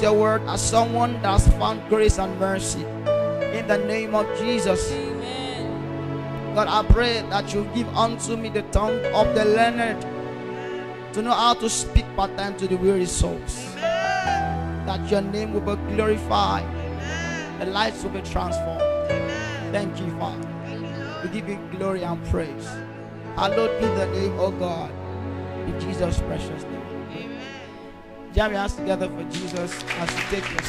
your word as someone that's found grace and mercy. In the name of Jesus. Amen. God, I pray that you give unto me the tongue of the learned to know how to speak pattern to the weary souls. Amen. That your name will be glorified, Amen. the lives will be transformed. Thank you, Father. We give you glory and praise. Hallowed be the name, of God, in Jesus' precious name. Jam your hands together for Jesus as you take your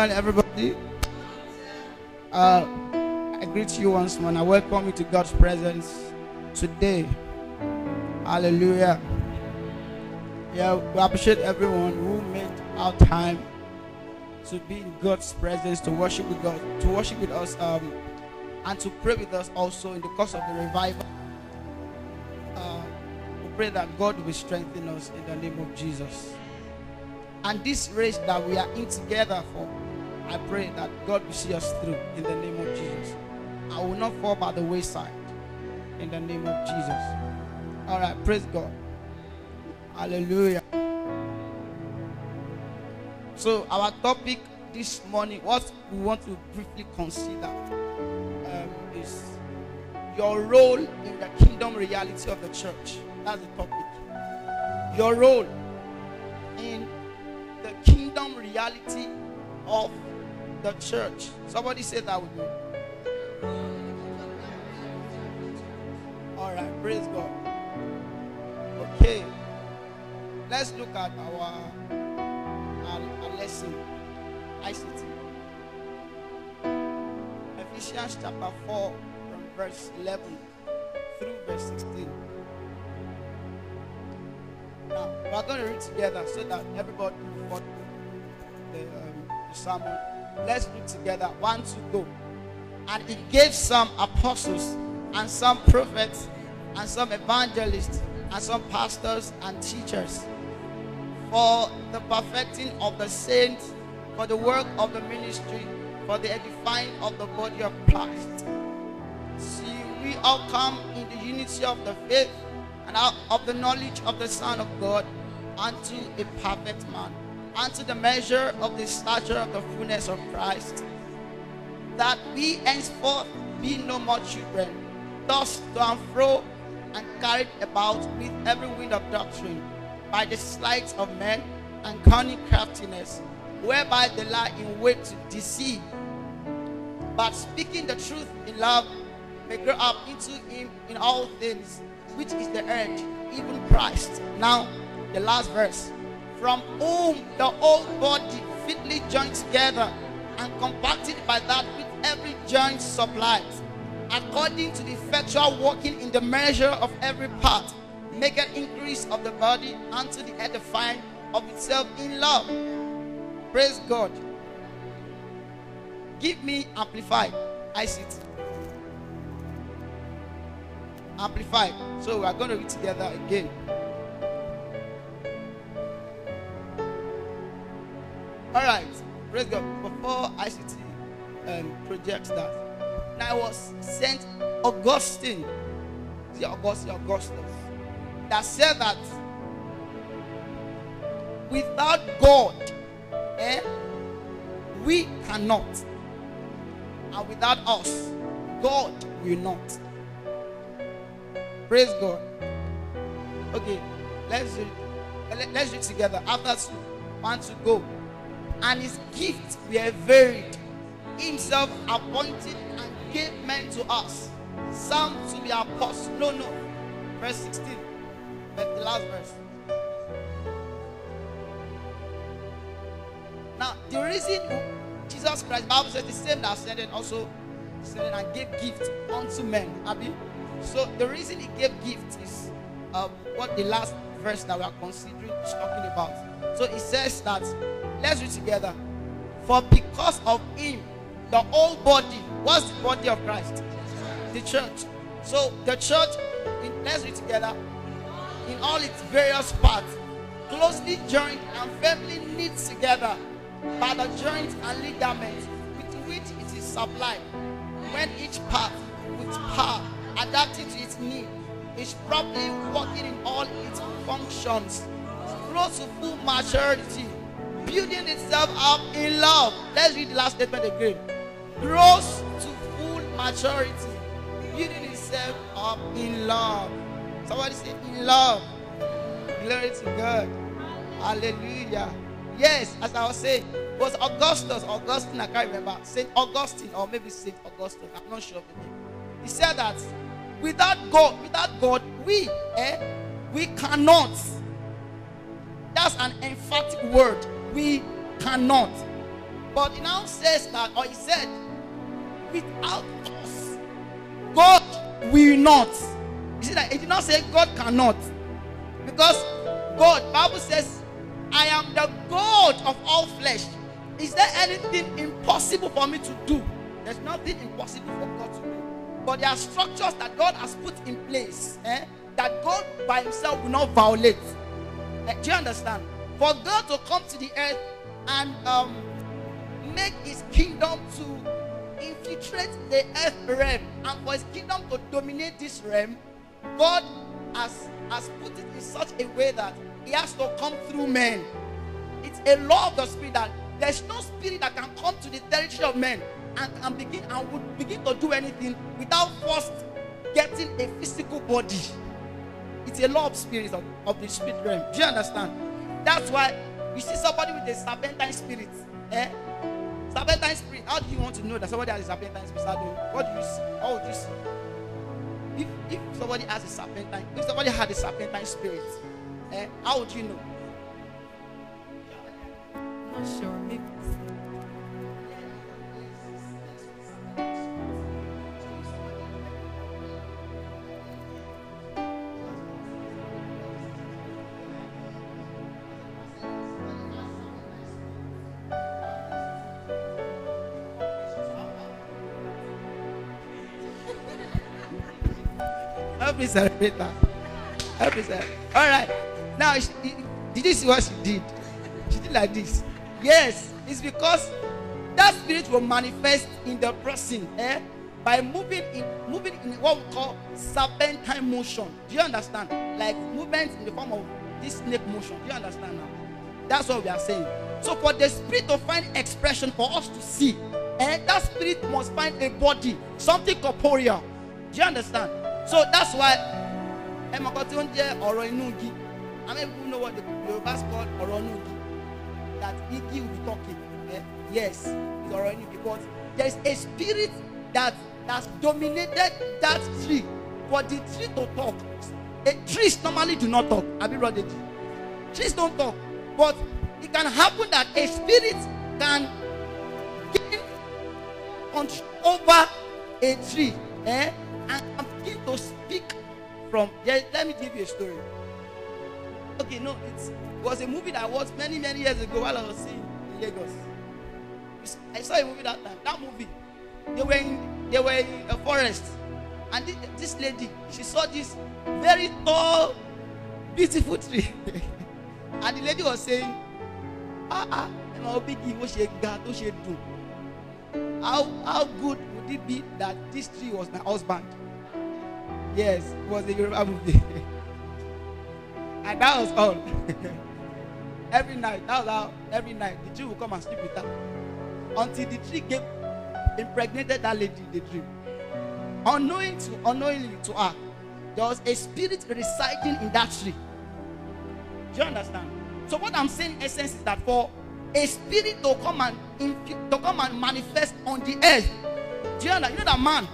morning, everybody. Uh, I greet you once more and I welcome you to God's presence today. Hallelujah. Yeah, we appreciate everyone who made our time to be in God's presence, to worship with God, to worship with us, um, and to pray with us also in the course of the revival. Uh, we pray that God will strengthen us in the name of Jesus. And this race that we are in together for I pray that God will see us through in the name of Jesus. I will not fall by the wayside in the name of Jesus. All right, praise God. Hallelujah. So, our topic this morning, what we want to briefly consider um, is your role in the kingdom reality of the church. That's the topic. Your role in the kingdom reality of the church. Somebody say that with me. All right, praise God. Okay, let's look at our, our, um, our lesson ICT. Ephesians chapter 4, from verse 11 through verse 16. Now, we are going to read together so that everybody will follow the, um, the sermon. Let's do together. One, two, go. And he gave some apostles and some prophets and some evangelists and some pastors and teachers for the perfecting of the saints, for the work of the ministry, for the edifying of the body of Christ. See, we all come in the unity of the faith and of the knowledge of the Son of God unto a perfect man unto the measure of the stature of the fullness of Christ, that we henceforth be no more children, tossed to and fro and carried about with every wind of doctrine, by the sleight of men and cunning craftiness, whereby they lie in wait to deceive. But speaking the truth in love, may grow up into him in all things, which is the end, even Christ. Now, the last verse from whom the whole body fitly joined together and compacted by that which every joint supplies, according to the effectual working in the measure of every part, make an increase of the body unto the edifying of itself in love. Praise God. Give me amplified. I see it. Amplified. So we are going to read together again. All right. Praise God. Before ICT um, projects that, I was sent Augustine, the Augustine Augustus, that said that without God, eh, we cannot. And without us, God will not. Praise God. Okay, let's Let's do it together. After one to go and his gifts were varied. Himself appointed and gave men to us. Some to be apostles. No, no. Verse 16. But the last verse. Now, the reason Jesus Christ, Bible says the same that ascended also ascended and gave gift unto men. Abi? So the reason he gave gifts is uh, what the last verse that we are considering is talking about. So it says that Let's read together. For because of him, the whole body, what's the body of Christ? The church. So the church, in, let's read together, in all its various parts, closely joined and firmly knit together by the joints and ligaments with which it is supplied. When each part, with power, adapted to its need, is properly working in all its functions, grows to full maturity building itself up in love. Let's read the last statement again. Grows to full maturity, building itself up in love. Somebody say, in love. Glory to God. Hallelujah. Yes, as I was saying, it was Augustus, Augustine, I can't remember. Saint Augustine, or maybe Saint Augustine, I'm not sure of the name. He said that without God, without God, we, eh, we cannot. That's an emphatic word we cannot. But it now says that, or he said, without us, God will not. You see that it did not say God cannot. Because God, Bible says, I am the God of all flesh. Is there anything impossible for me to do? There's nothing impossible for God to do. But there are structures that God has put in place eh, that God by Himself will not violate. Eh, do you understand? For God to come to the earth and um, make his kingdom to infiltrate the earth realm and for his kingdom to dominate this realm, God has, has put it in such a way that he has to come through men. It's a law of the spirit that there's no spirit that can come to the territory of men and, and begin and would begin to do anything without first getting a physical body. It's a law of spirit of, of the spirit realm. Do you understand? That's why you see somebody with a serpentine spirit. Eh? Serpentine spirit. How do you want to know that somebody has a serpentine spirit? What do you see? How would you see? If, if somebody has a serpentine, if somebody had a serpentine spirit, eh, how would you know? Not sure. Maybe. me celebrate that. Help me celebrate. All right. Now, she, did you see what she did? She did like this. Yes, it's because that spirit will manifest in the person eh? by moving in moving in what we call serpentine motion. Do you understand? Like movements in the form of this snake motion. Do you understand now? That's what we are saying. So for the spirit to find expression for us to see, eh, that spirit must find a body, something corporeal. Do you understand? So that's why I'm going to ó ń I mean, people know what the Yorubas is called. inú That igi will be talking. Eh? Yes, it's ọ̀rọ̀ inú But there is a spirit that has dominated that tree for the tree to talk. A trees normally do not talk. Abi brother, trees don't talk. But it can happen that a spirit can gain control over a tree eh, and begin to speak from. Yeah, let me give you a story. Okay, no, it was a movie that was many, many years ago while I was in Lagos. I saw a movie that time. That movie, they were in, they were in a forest, and this lady, she saw this very tall, beautiful tree, and the lady was saying, "Ah ah, my obigi, what she got, what she do? How how good would it be that this tree was my husband?" Yes, it was a Yoruba movie. and that was all. every night, that was how every night the Jew would come and sleep with her. Until the tree gave, impregnated that lady in the dream. Unknowing to, unknowingly to her, there was a spirit residing in that tree. Do you understand? So what I'm saying, essence, is that for a spirit to come and infu- to come and manifest on the earth, do you understand? You know that man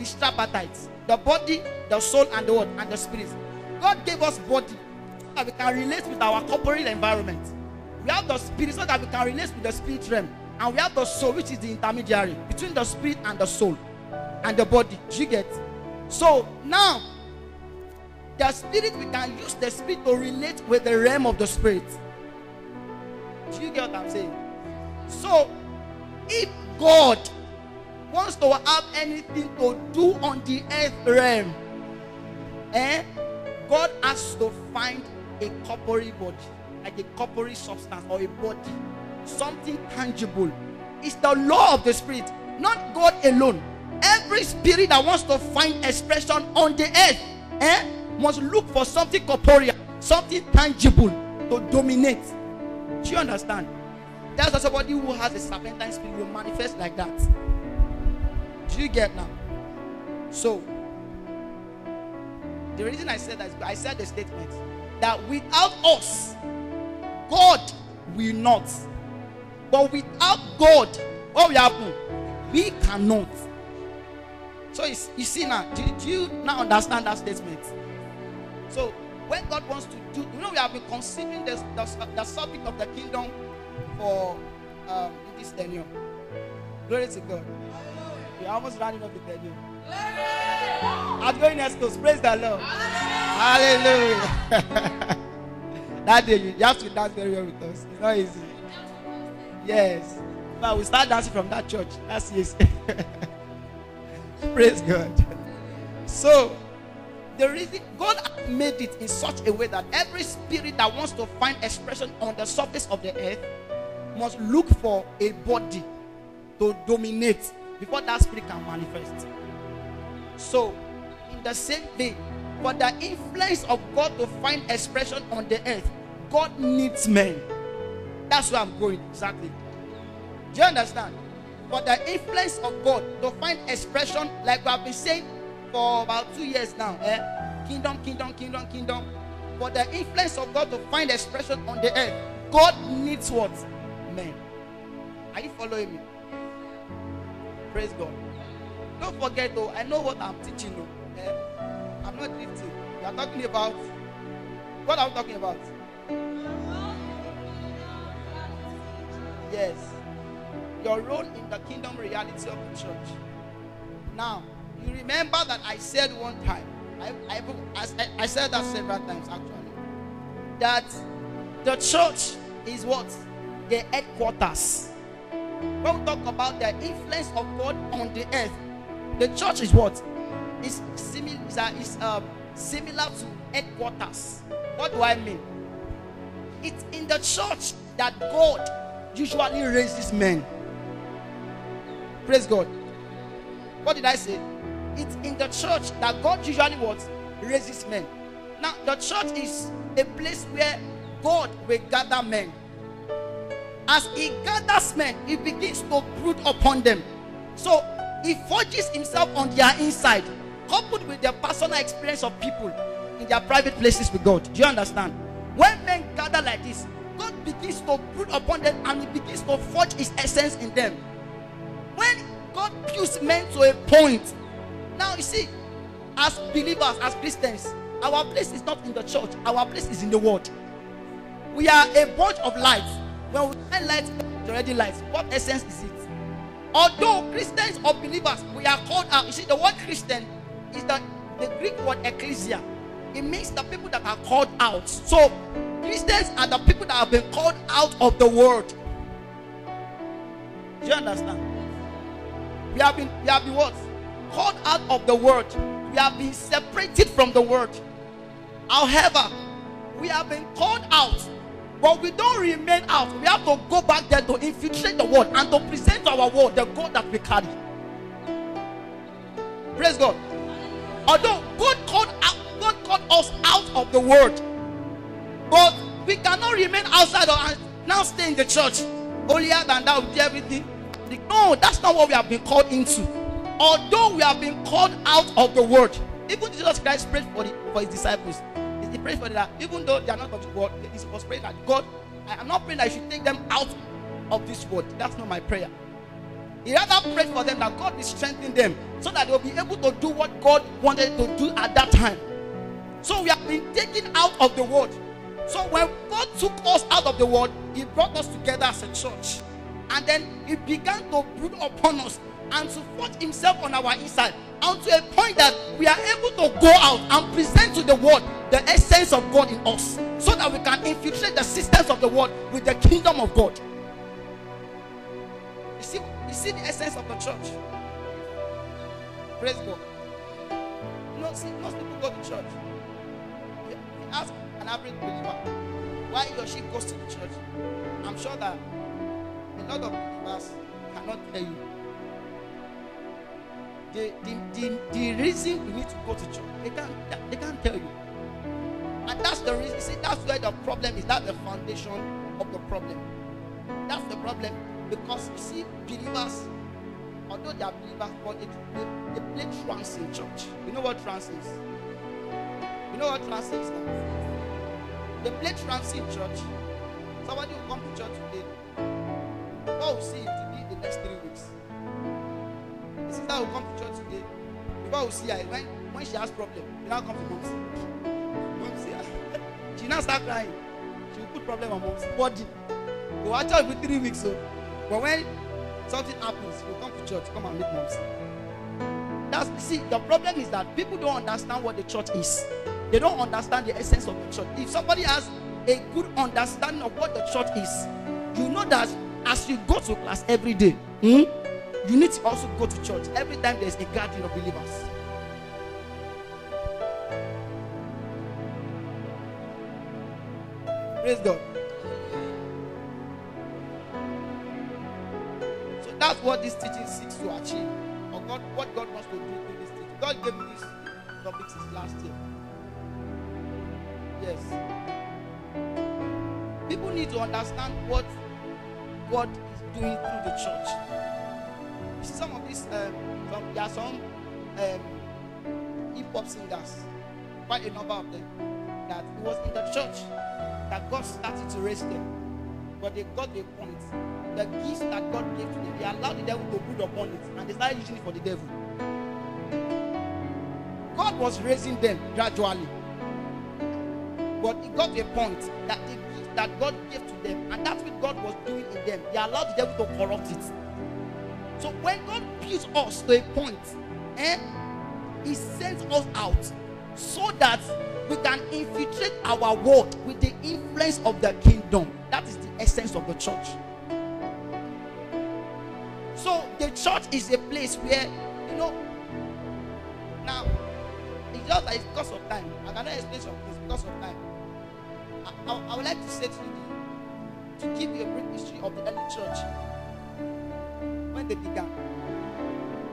is tripartite. The body, the soul, and the word, and the spirit. God gave us body so that we can relate with our corporate environment. We have the spirit so that we can relate with the spirit realm. And we have the soul, which is the intermediary between the spirit and the soul and the body. Do you get? So now, the spirit, we can use the spirit to relate with the realm of the spirit. Do you get what I'm saying? So, if God wants to have anything to do on the earth realm, eh, God has to find a corporeal body, like a corporeal substance or a body, something tangible. It's the law of the spirit, not God alone. Every spirit that wants to find expression on the earth eh, must look for something corporeal, something tangible to dominate. Do you understand? That's why somebody who has a serpentine spirit will manifest like that. Do you get now? So, the reason I said that is I said the statement that without us, God will not. But without God, what will happen? We cannot. So you, you see now, do, do you now understand that statement? So when God wants to do, you know, we have been considering the, the, the subject of the kingdom for um, this tenure. Glory to God. I'm almost running up the table. I'm going to Praise the Lord. Hallelujah. Hallelujah. that day you have to dance very well with us. It's not easy. Eh? Yes. But we start dancing from that church. That's easy. Praise God. So the reason God made it in such a way that every spirit that wants to find expression on the surface of the earth must look for a body to dominate before that spirit can manifest. So, in the same way, for the influence of God to find expression on the earth, God needs men. That's where I'm going exactly. Do you understand? For the influence of God to find expression, like we have been saying for about two years now, eh? kingdom, kingdom, kingdom, kingdom. For the influence of God to find expression on the earth, God needs what? Men. Are you following me? Praise God. Don't forget though, I know what I'm teaching you. Eh? I'm not drifting. You are talking about what I'm talking about. Yes. Your role in the kingdom reality of the church. Now, you remember that I said one time, I, I, I, I said that several times actually, that the church is what? The headquarters when we talk about the influence of God on the earth, the church is what? It's similar, it's, uh, uh, similar to headquarters. What do I mean? It's in the church that God usually raises men. Praise God. What did I say? It's in the church that God usually what? Raises men. Now, the church is a place where God will gather men. As he gathers men, he begins to brood upon them. So he forges himself on their inside, coupled with their personal experience of people in their private places with God. Do you understand? When men gather like this, God begins to brood upon them and he begins to forge his essence in them. When God pulls men to a point, now you see, as believers, as Christians, our place is not in the church, our place is in the world. We are a bunch of lights when we find light, it's already light. What essence is it? Although Christians or believers, we are called out. You see, the word Christian is that the Greek word ecclesia. It means the people that are called out. So Christians are the people that have been called out of the world. Do you understand? We have been we have been what? Called out of the world. We have been separated from the world. However, we have been called out but we don't remain out. We have to go back there to infiltrate the world and to present our world the God that we carry. Praise God. Although God called, out, God called us out of the world, but we cannot remain outside of, and now stay in the church. Holier than that, we do everything. No, that's not what we have been called into. Although we have been called out of the world, even Jesus Christ prayed for, the, for his disciples he prays for that even though they are not going to God, he was praying that God, I am not praying that you should take them out of this world. That's not my prayer. He rather prayed for them that God will strengthen them so that they'll be able to do what God wanted to do at that time. So we have been taken out of the world. So when God took us out of the world, He brought us together as a church. And then He began to brood upon us and to forge Himself on our inside unto a point that we are able to go out and present to the world the essence of God in us so that we can infiltrate the systems of the world with the kingdom of God. You see, you see the essence of the church. Praise God. You know, see, most people go to church. You ask an average believer why your sheep goes to the church. I'm sure that a lot of believers cannot tell you. The, the, the, the reason we need to go to church, they can't, they can't tell you. And that's the reason. See, that's where the problem is. That's the foundation of the problem. That's the problem. Because you see, believers, although they are believers, but they, they, they play trance in church. You know what trance is? You know what trance is They play trance in church. Somebody will come to church today. God will see you to be the next three weeks. The sister will come to church today. The will see her. When, when she has problem, they now come to mom's. she now start crying she put problem on mom's body go her church for three weeks so. Oh. but when something happens she go come to church come and meet mom's that's see the problem is that people don't understand what the church is they don't understand the essence of the church if somebody has a good understanding of what the church is you know that as you go to class every day hmm, you need to also go to church every time there's a gathering of believers Praise God. So that's what this teaching seeks to achieve. Or God, what God wants to do through this teaching. God gave me this topic since last year. Yes. People need to understand what God is doing through the church. Some of these, um, there are some um, hip hop singers, quite a number of them, that was in the church that God started to raise them. But they got the point. The gifts that God gave to them, they allowed the devil to put upon it. And they started using it for the devil. God was raising them gradually. But it got a point that the gift that God gave to them, and that's what God was doing in them, they allowed the devil to corrupt it. So when God builds us to a point, point, eh, He sends us out so that we can infiltrate our world with the influence of the kingdom. That is the essence of the church. So the church is a place where you know now it's just like because of time. I cannot explain some things because of time. I, I, I would like to say to you to give you a brief history of the early church when they began.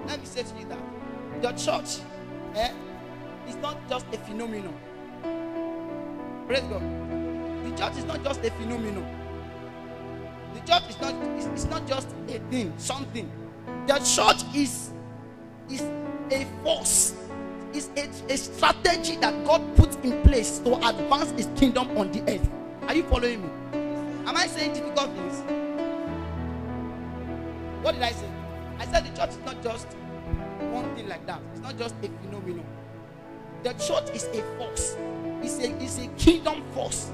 Let me say to you that the church eh, is not just a phenomenon. Praise God. The church is not just a phenomenon. The church is not it's, it's not just a thing, something. The church is is a force. is a, a strategy that God puts in place to advance His kingdom on the earth. Are you following me? Am I saying difficult things? What did I say? I said the church is not just one thing like that. It's not just a phenomenon. The church is a force, it's a, it's a kingdom force.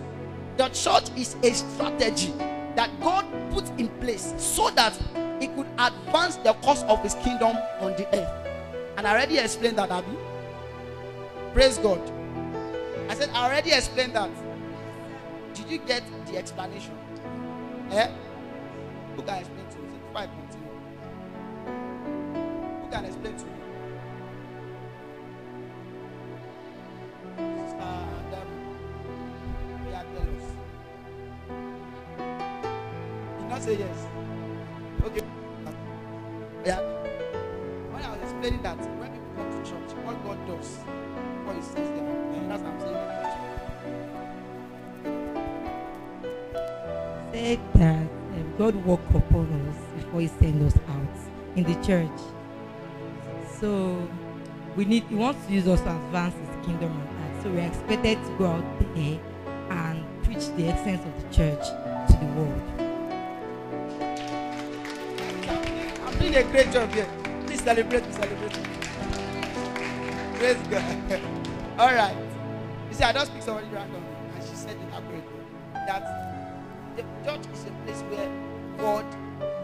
The church is a strategy that God put in place so that it could advance the cause of his kingdom on the earth. And I already explained that, Abby. Praise God. I said, I already explained that. Did you get the explanation? Eh? Who can explain to me? Who can explain to me? God work upon us before He send us out in the church. So we need He wants to use us to advance His kingdom on that. So we are expected to go out there and preach the essence of the church to the world. I'm doing a great job here. Please celebrate, please celebrate. Praise God. All right. You see, I just picked somebody random, and she said it accurately that the church is a place where God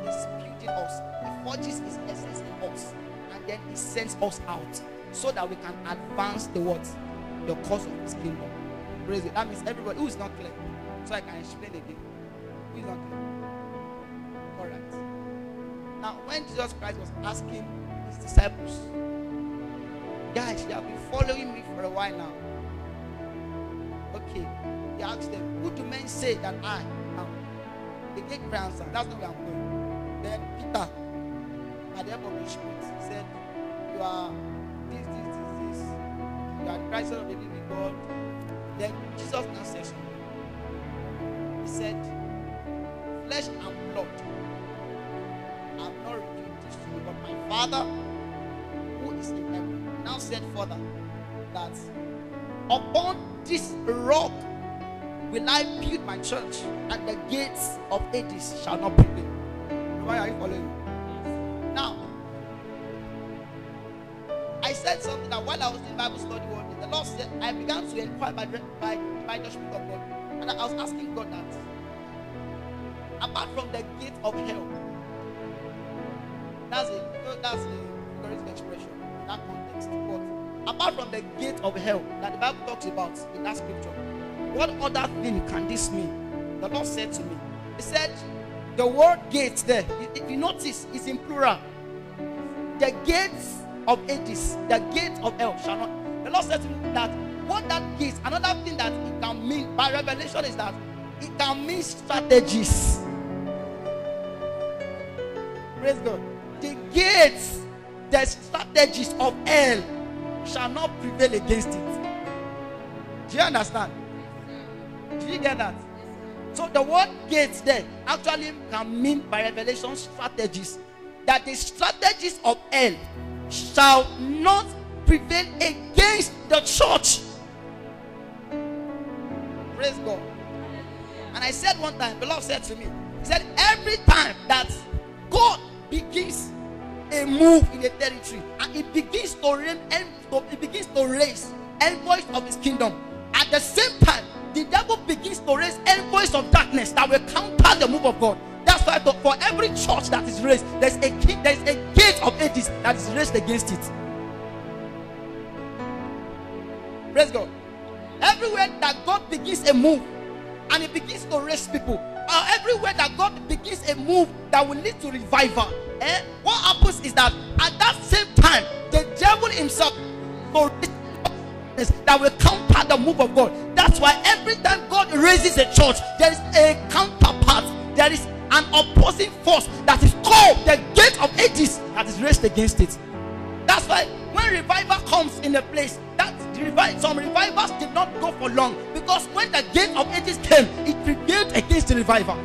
is building us, He forges His essence in us, and then He sends us out so that we can advance the what? The cause of His kingdom. Praise it. That means everybody who is not clear. So I can explain again. Who is not clear? All right. Now, when Jesus Christ was asking His disciples, guys, you have been following me for a while now. Okay. He asked them, Who do men say that I the great grandson. That's the way I'm going. Then Peter, at the end of the he said, You are this, this, this, this. You are Christ of the living God. Then Jesus answered him. He said, Flesh and blood. I'm not revealed this to you, but my Father, who is in heaven, now said further that upon this rock will I build my church, and the gates of Hades shall not prevail. Why are you following? Now, I said something that while I was in Bible study one day, the Lord said, I began to inquire by, by, by judgment of God. And I was asking God that, apart from the gate of hell, that's a, that's a correct expression, that context. But apart from the gate of hell that the Bible talks about in that scripture, what other thing can this mean? The Lord said to me, He said, The word gates there, if you notice, is in plural. The gates of Hades, the gate of hell shall not. The Lord said to me that what that gate, another thing that it can mean by revelation is that it can mean strategies. Praise God. The gates, the strategies of hell shall not prevail against it. Do you understand? Do you get that? So the word gates there actually can mean by revelation strategies. That the strategies of hell shall not prevail against the church. Praise God. And I said one time, the Lord said to me, He said, every time that God begins a move in a territory and it begins to reign and it begins to raise envoys of his kingdom at the same time, the devil begins to raise envoys of darkness that will counter the move of God. That's why for every church that is raised, there's a key, there's a gate of ages that is raised against it. Praise God. Everywhere that God begins a move and it begins to raise people, or uh, everywhere that God begins a move that will lead to revival, eh, what happens is that at that same time, the devil himself will darkness that will counter the move of God. That's why every time God raises a church, there is a counterpart, there is an opposing force that is called the gate of ages that is raised against it. That's why when revival comes in a place, that revival, some revivals did not go for long because when the gate of ages came, it prevailed against the revival.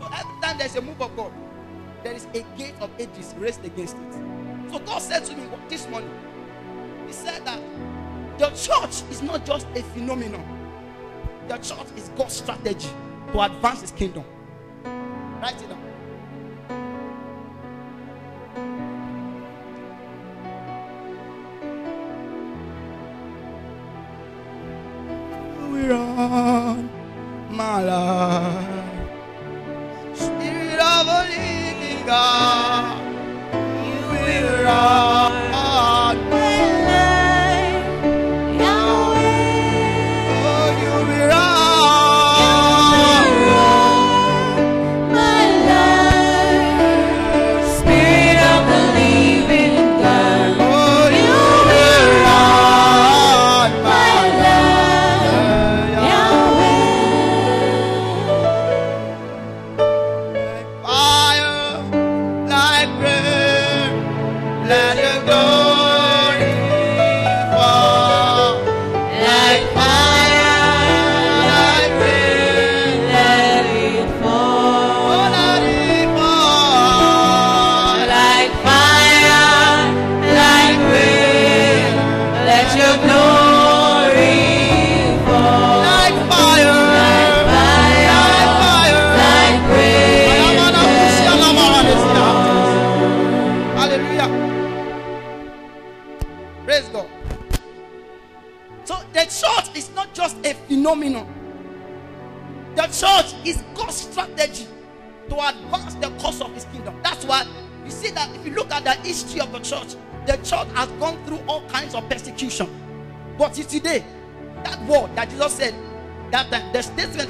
So every time there's a move of God, there is a gate of ages raised against it. So God said to me this morning, He said that the church is not just a phenomenon, the church is God's strategy to advance His kingdom. Write it down.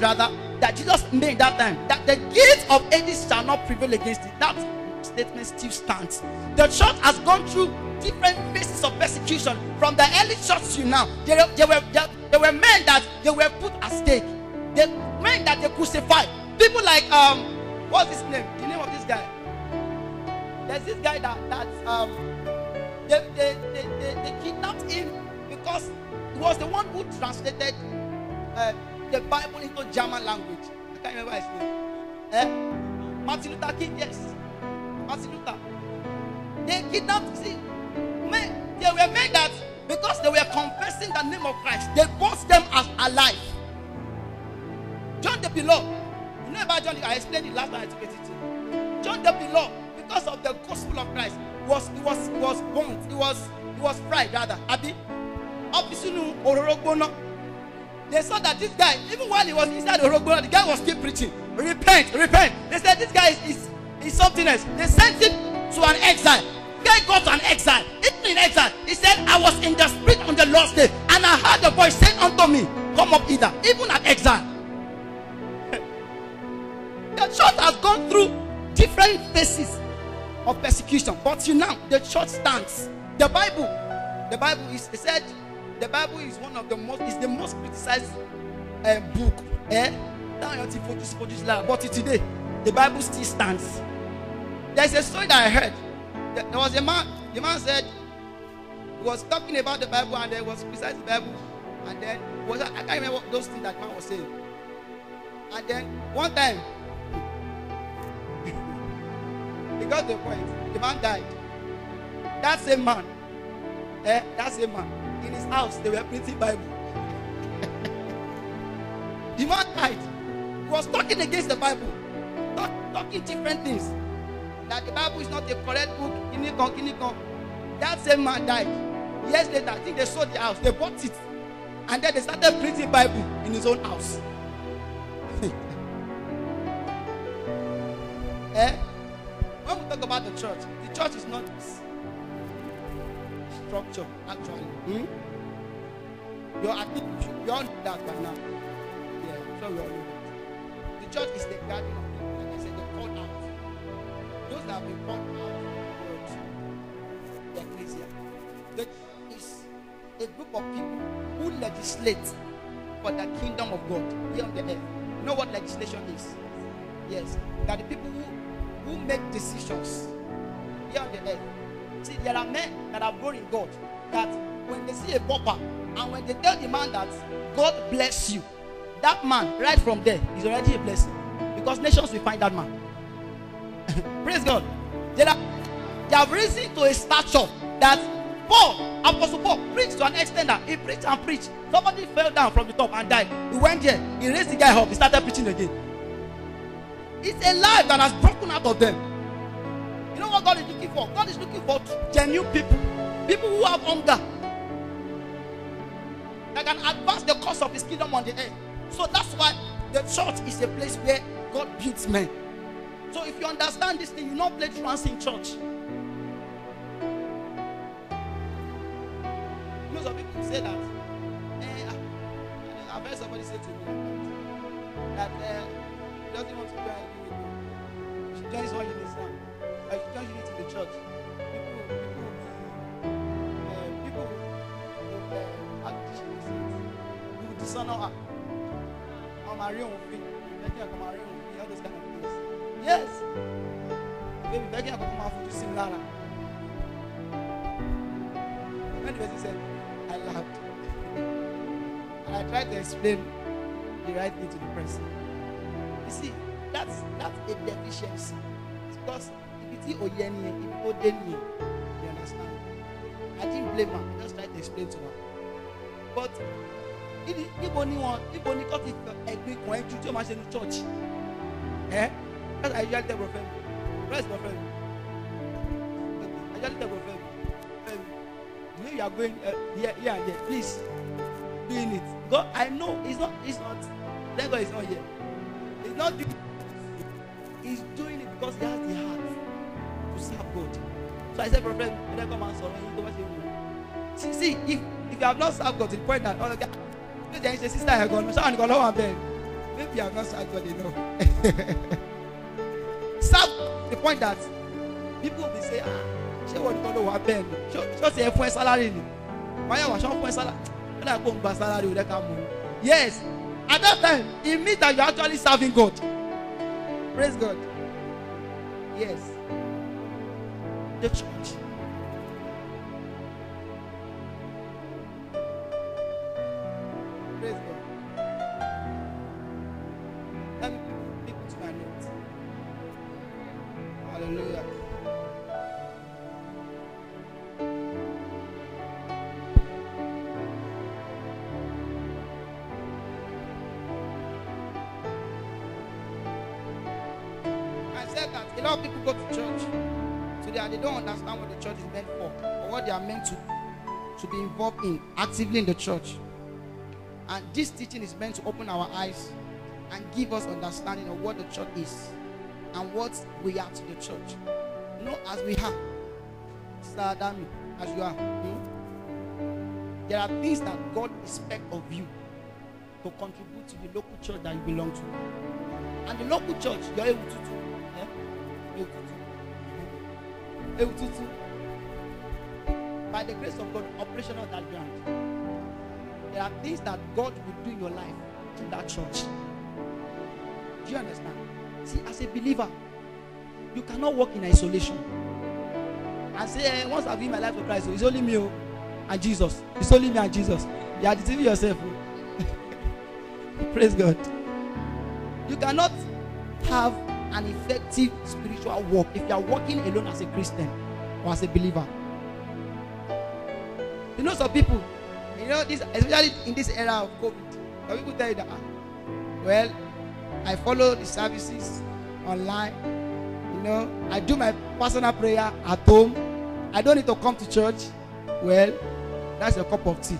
rather that Jesus made that time that the gates of Hades shall not prevail against it. That statement still stands. The church has gone through different phases of persecution from the early church to now. There, there were there, there, were men that they were put at stake, the men that they crucified. People like um, what's his name? The name of this guy. There's this guy that that um, they they, they, they, they kidnapped him because he was the one who translated. Uh, the Bible into German language. I can't remember his name. Eh? Martin Luther King, yes. Martin Luther. They kidnapped, see, men, they were made that because they were confessing the name of Christ, they brought them as alive. John the Beloved. You know about John, I explained it last night. John the Beloved, because of the gospel of Christ, was he was he was burnt, he was he was fried rather. Abi, ọfiisi nu They saw that this guy, even while he was inside the Orogbo, the guy was still preaching. Repent, repent. They said this guy is, is, is something else. They sent him to an exile. The guy got an exile. Even in exile, he said, I was in the spirit on the last day, and I heard the voice saying unto me, Come up either, even at exile. the church has gone through different phases of persecution, but you know the church stands. The Bible, the Bible is it said the bible is one of the most is the most criticized uh, book eh that your team focus this, la but today the bible still stands There's a story that i heard there was a man the man said he was talking about the bible and there was criticizing the bible and then was i can't remember those things that man was saying and then one time he got the point the man died that same man eh that same man in his house, they were printing Bible. the man died. He was talking against the Bible, talk, talking different things. That the Bible is not a correct book. That same man died. Years later, I think they sold the house. They bought it. And then they started printing Bible in his own house. eh? When we talk about the church, the church is not this structure, actually. Hmm? Your activity, you all know that by now. Yeah, so you all know that. The church is the garden of people. Like I said, they're called out. Those that have been called out of the ecclesia. The church is a group of people who legislate for the kingdom of God here on the earth. You know what legislation is? Yes. That the people who, who make decisions here on the earth See, there are men that are born in God that when they see a pauper and when they tell the man that God bless you, that man right from there is already a blessing because nations will find that man. Praise God. They are, they have risen to a stature that Paul, Apostle Paul, preached to an extent that he preached and preached. Somebody fell down from the top and died. He went there, he raised the guy up, he started preaching again. It's a life that has broken out of them. You know what God is looking for? God is looking for genuine people, people who have hunger that can advance the cause of His kingdom on the earth. So that's why the church is a place where God builds men. So if you understand this thing, you do not play trance in church. Most of people say that. Eh, ah, I've heard somebody say to me that eh, he doesn't want to join anything with me. She joins all in Islam. I just it in the church. People, people, uh, people eh, will uh, actually say it. dishonor her. I'm marrying with me. Begging her to marry with me. All those kind of things. Yes. Baby, begging her to come out for this similar. When the person said, I laughed. And I tried to explain the right thing to the person. You see, that's that's a deficiency. It's because tí òye ẹni yẹn ibi ó dé nìyẹn you understand I didn't blame her I just tried to explain to her but níbo ni wọn níbo ni tọ́kì ẹ̀gbin kan ẹ̀jú tí ó máa ṣe ní church ẹ̀ eh? that's I usually tell my friend rest my friend I usually tell my friend you know you are going uh, here here and there please doing it God I know it's not it's not thank God it's not here it's not doing it he's doing it because he has the heart. God. So I said, Prophet, you don't come and surrender, you go back to See, see, if if you have not served God to the point that all of then it's a sister I gone. so I'm going to have them. Maybe you have not served God enough. Serve the point that people will be saying, ah, she wọ́n ní kan ló wà bẹ́ẹ̀ ni? Ṣé o ti ẹ fún ẹ sálárì ni? Máyà wà ṣé wọ́n fún ẹ sálárì? Wọ́n Yes, at that time, it means that you're actually serving God. Praise God. Yes. the church. extensively in the church. And this teaching is meant to open our eyes and give us understanding of what the church is and what we are to the church. Not as we are, Sadami, as you are. Hmm? There are things that God expects of you to contribute to the local church that you belong to. And the local church, you're able to do. Able to do. Able to do. By the grace of God, operational that grant there are things that God will do in your life through that church. Do you understand? See, as a believer, you cannot work in isolation. And say, hey, eh, once I've given my life to Christ, so it's only me oh, and Jesus. It's only me and Jesus. You are deceiving yourself. Oh. Praise God. You cannot have an effective spiritual walk if you are walking alone as a Christian or as a believer. You know some people You know, this, especially in this era of COVID, some people tell you that, ah, well, I follow the services online. You know, I do my personal prayer at home. I don't need to come to church. Well, that's your cup of tea.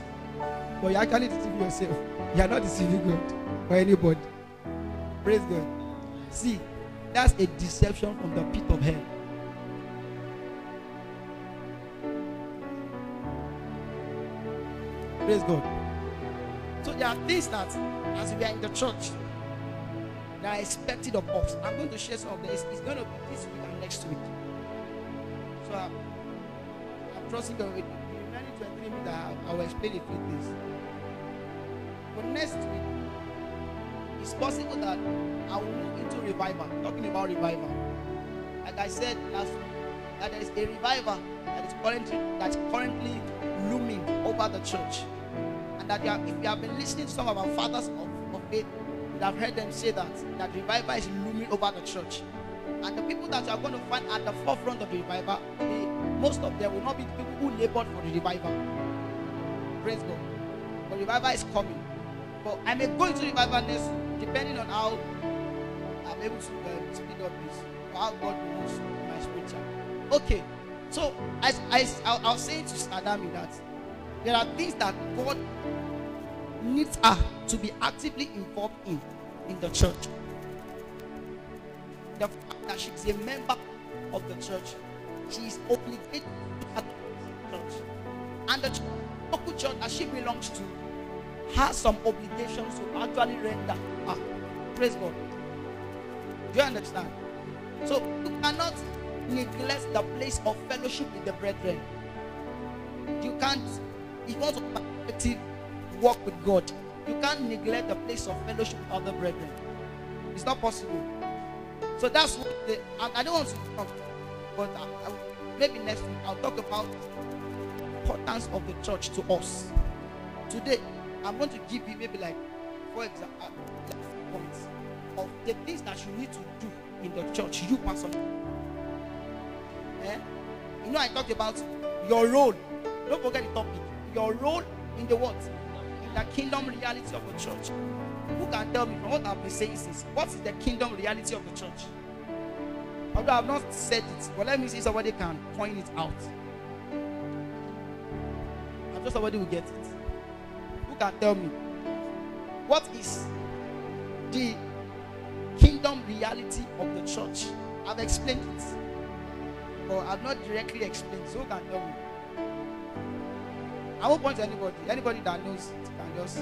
But you're actually deceiving yourself. You're not deceiving God or anybody. Praise God. See, that's a deception from the pit of hell. Praise God. So there are things that, as we are in the church, that are expected of us. I'm going to share some of this. It's going to be this week and next week. So I'm, I'm trusting God with the I, I will explain a few things. But next week, it's possible that I will move into revival. Talking about revival, like I said last week, that there is a revival that is currently that's currently looming over the church. And that you have, if you have been listening to some of our fathers of, of faith, you have heard them say that that revival is looming over the church. And the people that you are going to find at the forefront of the revival, they, most of them will not be the people who labored for the revival. Praise God. But revival is coming. But I may go into revival next, depending on how I'm able to uh, speed up this, how God moves my spiritual. Okay. So I, I, I, I was saying to Sadami that there are things that God needs her to be actively involved in in the church. The fact that she's a member of the church, she is obligated to the church. And the local church that she belongs to has some obligations to actually render her. Praise God. Do you understand? So you cannot neglect the place of fellowship with the brethren. You can't if you want to effective work with God, you can't neglect the place of fellowship with other brethren. It's not possible. So that's what the, I don't want to talk, but I, I, maybe next week I'll talk about importance of the church to us. Today, I'm going to give you maybe like for example uh, points of the things that you need to do in the church, you person. Eh? You know, I talked about your role. Don't forget the topic your role in the what? In the kingdom reality of the church. Who can tell me from what I've been saying since? What is the kingdom reality of the church? Although I've not said it, but let me see if somebody can point it out. I'm sure somebody will get it. Who can tell me? What is the kingdom reality of the church? I've explained it. but I've not directly explained, so who can tell me? I won't point to anybody. Anybody that knows can just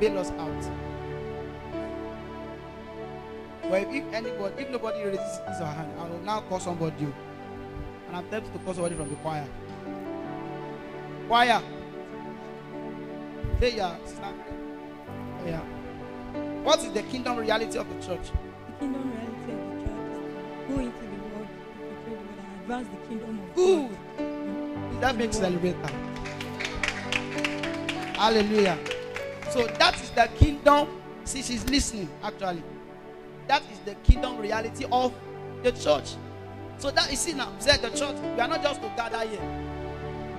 bail us out. But if anybody, if nobody raises his hand, I will now call somebody. And I'm tempted to call somebody from the choir. Choir. Hey, yeah, sister. Yeah. What is the kingdom reality of the church? The kingdom reality of the church is go into the world, advance the kingdom of Good. God. That makes celebrate that. Hallelujah. So that is the kingdom. See, she's listening actually. That is the kingdom reality of the church. So that you see now, said the church, we are not just to gather here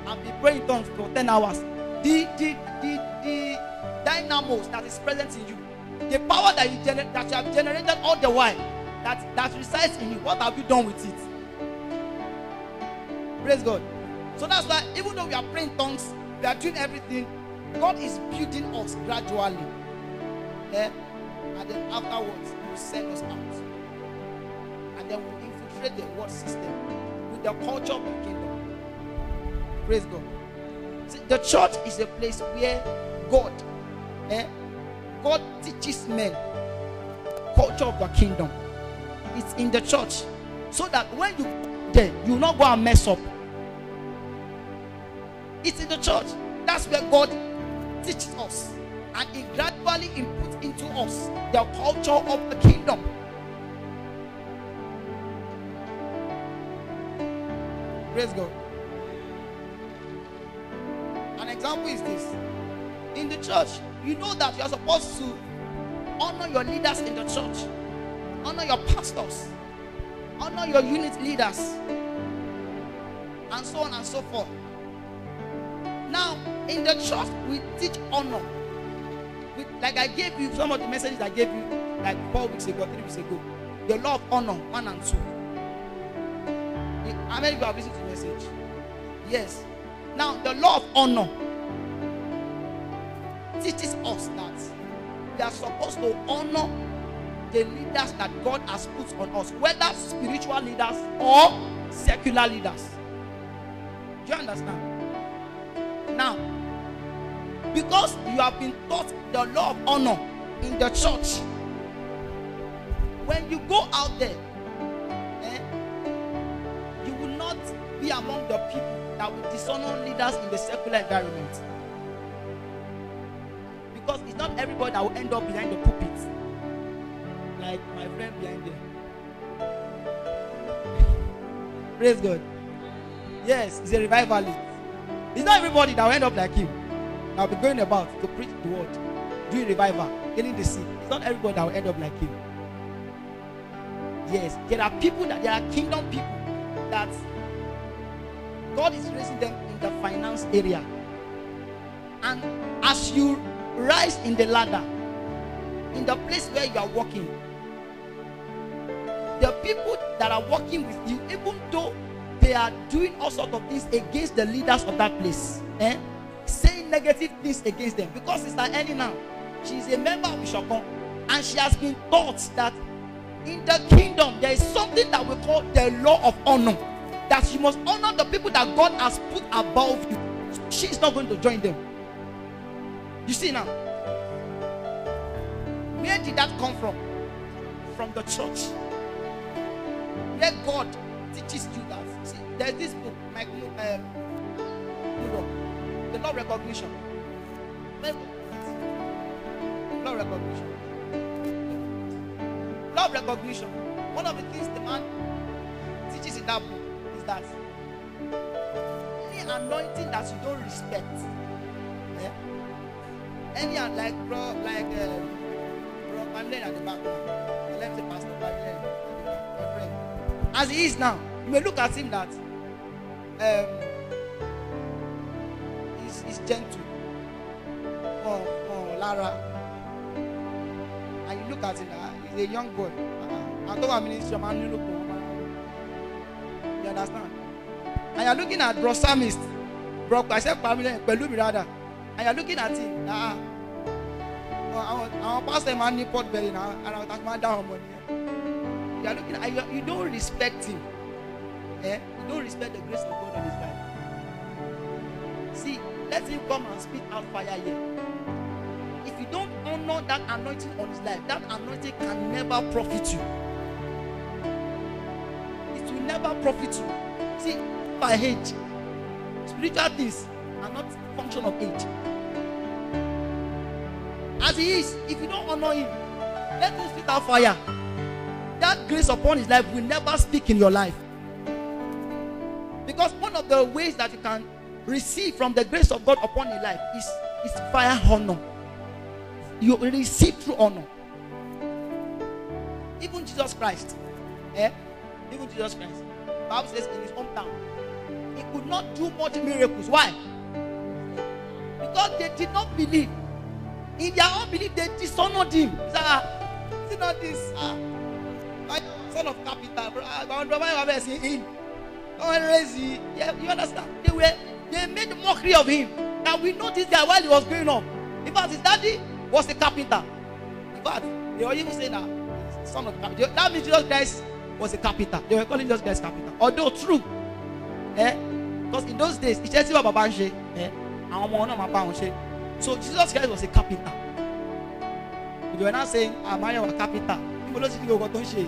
and be praying tongues for 10 hours. The, the, the, the dynamos that is present in you, the power that you gener- that you have generated all the while, that, that resides in you, what have you done with it? Praise God. So that's why even though we are praying tongues, we are doing everything, God is building us gradually. Eh? And then afterwards, He will send us out. And then we'll infiltrate the world system with the culture of the kingdom. Praise God. See, the church is a place where God, eh, God teaches men culture of the kingdom. It's in the church. So that when you there, you will not go and mess up. It's in the church. That's where God teaches us and it gradually inputs into us the culture of the kingdom. Praise God. An example is this in the church, you know that you are supposed to honor your leaders in the church, honor your pastors, honor your unit leaders, and so on and so forth. In the church, we teach honor. We, like I gave you some of the messages I gave you like four weeks ago, three weeks ago. The law of honor, one and two. I many you have listened to the message? Yes. Now, the law of honor teaches us that we are supposed to honor the leaders that God has put on us, whether spiritual leaders or secular leaders. Do you understand? Now, because you have been taught the law of honor in the church. When you go out there, eh, you will not be among the people that will dishonor leaders in the secular environment. Because it's not everybody that will end up behind the pulpit, like my friend behind there. Praise God. Yes, it's a revivalist. It's not everybody that will end up like him. I'll be going about to preach the word, doing revival, healing the sick. It's not everybody that will end up like him. Yes, there are people that there are kingdom people that God is raising them in the finance area. And as you rise in the ladder, in the place where you are working, the people that are working with you, even though they are doing all sorts of things against the leaders of that place, eh? negative things against them because Sister Annie now, she's a member of Ishokon and she has been taught that in the kingdom there is something that we call the law of honor that you must honor the people that God has put above you. She's not going to join them. You see now, where did that come from? From the church. Where God teaches you that. See, there's this book, Mike. Um, The Lord recognition. Lord recognition. Lord recognition. One of the things the man teaches in that book is that any anointing that you don't respect, yeah, any like bro, like uh, bro, Pamela at the back, let's say Pastor Pamela, as he is now, you may look at him that. Um, gentle oh, oh, lára and you look at him ah he's a young boy ah and tó wà ministry ọmọ anúlò kò wọ́n you understand and you are looking at bro I said, pàṣẹ pẹ̀lú mi and you are looking at him ah àwọn ah. àwọn pastor máa ní port belly now, and i ọ̀tá máa my down money. Eh? you are looking at you, you don't respect him eh? you don't respect the grace of God on his life. Let him come and spit out fire here. If you don't honor that anointing on his life, that anointing can never profit you. It will never profit you. See, by age, spiritual things are not function of age. As he is, if you don't honor him, let him spit out fire. That grace upon his life will never speak in your life. Because one of the ways that you can receive from the grace of God upon your life is, is via honor. You receive through honor. Even Jesus Christ, eh? Even Jesus Christ, Bible says in his hometown, he could not do much miracles. Why? Because they did not believe. In their own belief, they dishonored him. He said, not this? Ah, my son of capital, I wonder why I'm him. Don't raise Yeah, you understand? They were They made mockery of him. And we noticed that while he was growing up. In fact, his daddy was a carpenter. In fact, they were even saying that son of carpenter. That means Jesus Christ was a carpenter. They were calling Jesus Christ carpenter. Although true. Eh? Because in those days, it says Eh? So Jesus Christ was a carpenter. They were not saying, ah, Am I a carpenter? People don't see you go But this guy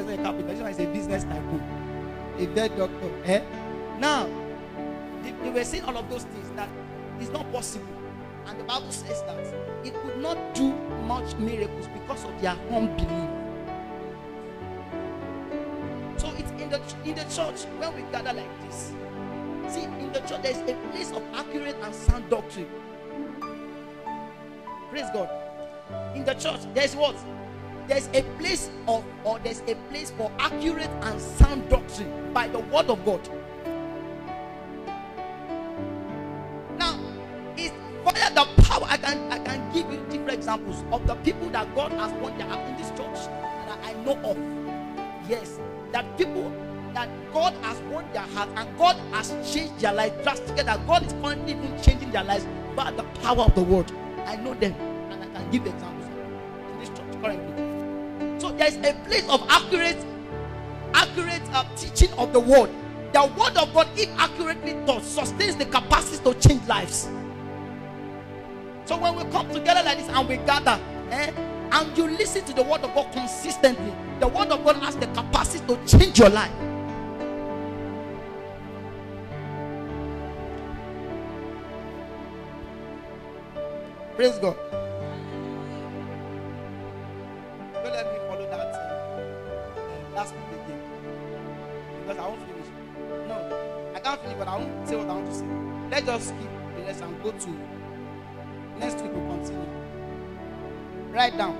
is not a carpenter, this one is a business type, a dead doctor. Eh? Now, they, they were saying all of those things that is not possible. And the Bible says that it could not do much miracles because of their unbelief. So it's in the in the church when we gather like this. See, in the church there is a place of accurate and sound doctrine. Praise God. In the church there is what? There's a place of or there's a place for accurate and sound doctrine by the word of God. examples of the people that God has put that are in this church that I know of. Yes, that people that God has won their heart and God has changed their life drastically. That God is currently even changing their lives by the power of the word. I know them and I can give examples in this church currently. So there is a place of accurate, accurate uh, teaching of the word. The word of God, if accurately taught, sustains the capacity to change lives. So when we come together like this and we gather, eh, and you listen to the word of God consistently, the word of God has the capacity to change your life. Praise God. Don't let me follow that That's last week again because I won't finish. No, I can't finish, but I won't say what I want to say. Let's just skip the rest and go to Next week we'll continue. Write down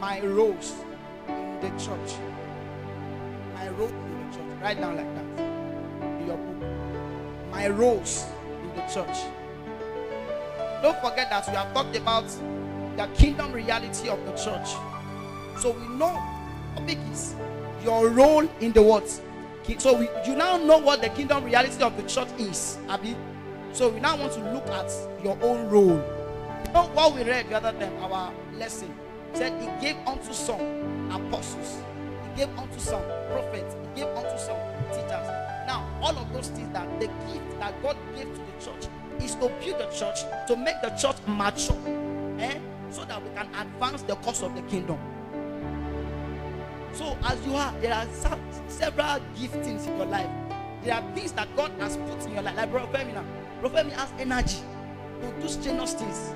my roles in the church. My role in the church. Write down like that in your book. My roles in the church. Don't forget that we have talked about the kingdom reality of the church. So we know topic is your role in the what. So we, you now know what the kingdom reality of the church is. Abby. So we now want to look at your own role. You know what we read the other day, our lesson said he gave unto some apostles, he gave unto some prophets, he gave unto some teachers. Now, all of those things that the gift that God gave to the church is to build the church, to make the church mature, eh? so that we can advance the cause of the kingdom. So, as you are, there are several giftings in your life. There are things that God has put in your life, like Brother Femina. Prophet has energy to do strenuous things.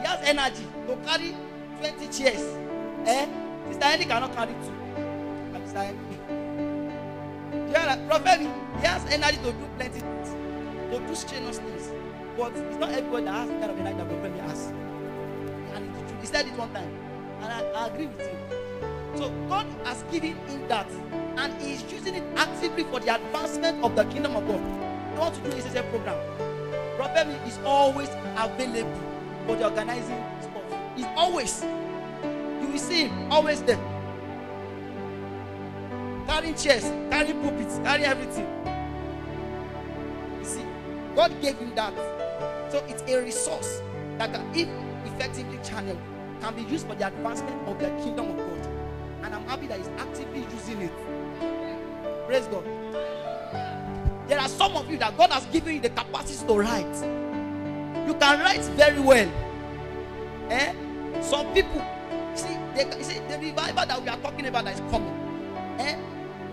He has energy to carry 20 chairs. Eh? Sister Andy cannot carry two. And Sister Andy. Yeah, Prophet, he has energy to do plenty things, to do strenuous things. But it's not everybody that has the kind of energy that Prophet has. And it's true. He said it one time. And I, I agree with him. So God has given him that. And he's using it actively for the advancement of the kingdom of God. want to do a program. Problem is always available for the organizing stuff. It's always. You will see him always there. Carrying chairs, carrying pulpits, carrying everything. You see, God gave him that. So it's a resource that can, if effectively channeled, can be used for the advancement of the kingdom of God. And I'm happy that he's actively using it. Praise God. There are some of you that God has given you the capacity to write. You can write very well. Eh? Some people, see, they, see, the revival that we are talking about that is coming. Eh?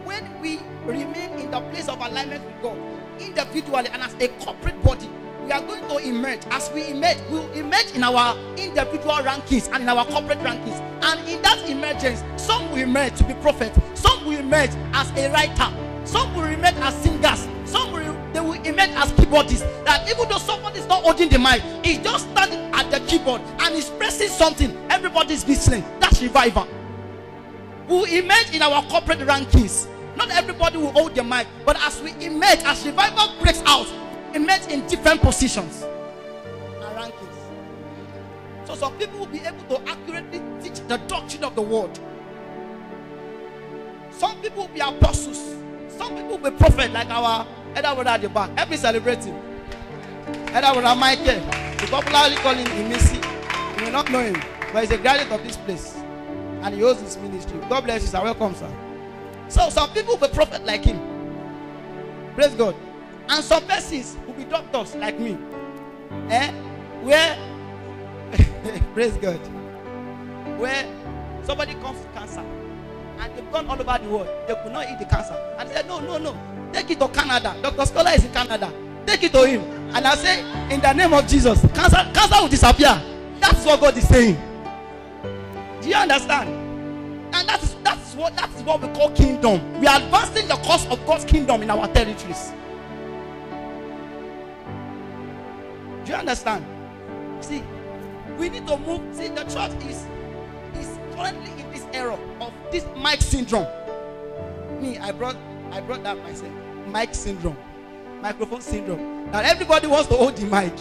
When we remain in the place of alignment with God, individually and as a corporate body, we are going to emerge. As we emerge, we will emerge in our individual rankings and in our corporate rankings. And in that emergence, some will emerge to be prophets, some will emerge as a writer, some will emerge as singers, emerge as keyboardist. That even though someone is not holding the mic, he's just standing at the keyboard and he's pressing something. Everybody's listening. That's revival. We emerge in our corporate rankings. Not everybody will hold the mic, but as we emerge, as revival breaks out, emerge in different positions and rankings. So some people will be able to accurately teach the doctrine of the word. Some people will be apostles. Some people will be prophets, like our Either brother at the back. Help me celebrate him. Either brother Michael. We popularly calling him Imisi. You may not know him, but he's a graduate of this place. And he holds his ministry. God bless you, sir. Welcome, sir. So some people will be prophets like him. Praise God. And some persons will be doctors like me. Eh? Where praise God. Where somebody comes with cancer and they've gone all over the world, they could not eat the cancer. And they said, No, no, no. Take it to Canada. Dr. Scholar is in Canada. Take it to him. And I say, in the name of Jesus, cancer, cancer will disappear. That's what God is saying. Do you understand? And that is that's what that's what we call kingdom. We are advancing the cause of God's kingdom in our territories. Do you understand? See, we need to move. See, the church is is currently in this era of this Mike syndrome. Me, I brought I brought that myself mic syndrome, microphone syndrome. Now everybody wants to hold the mic.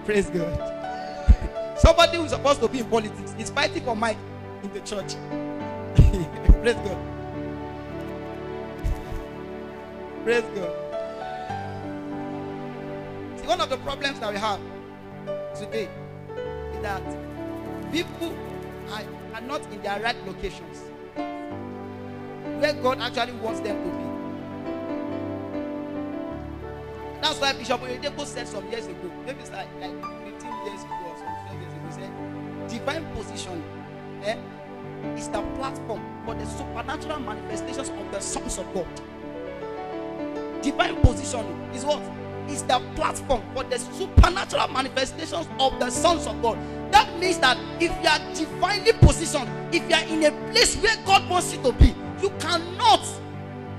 Praise God. Somebody who's supposed to be in politics is fighting for mic in the church. Praise God. Praise God. See, one of the problems that we have today is that people are, are not in their right locations where God actually wants them to be. That's why Bishop Oyedepo said some years ago, maybe it's like, like 15 years ago or so, years ago, said, divine position eh, is the platform for the supernatural manifestations of the sons of God. Divine position is what? Is the platform for the supernatural manifestations of the sons of God. That means that if you are divinely positioned, if you are in a place where God wants you to be, you cannot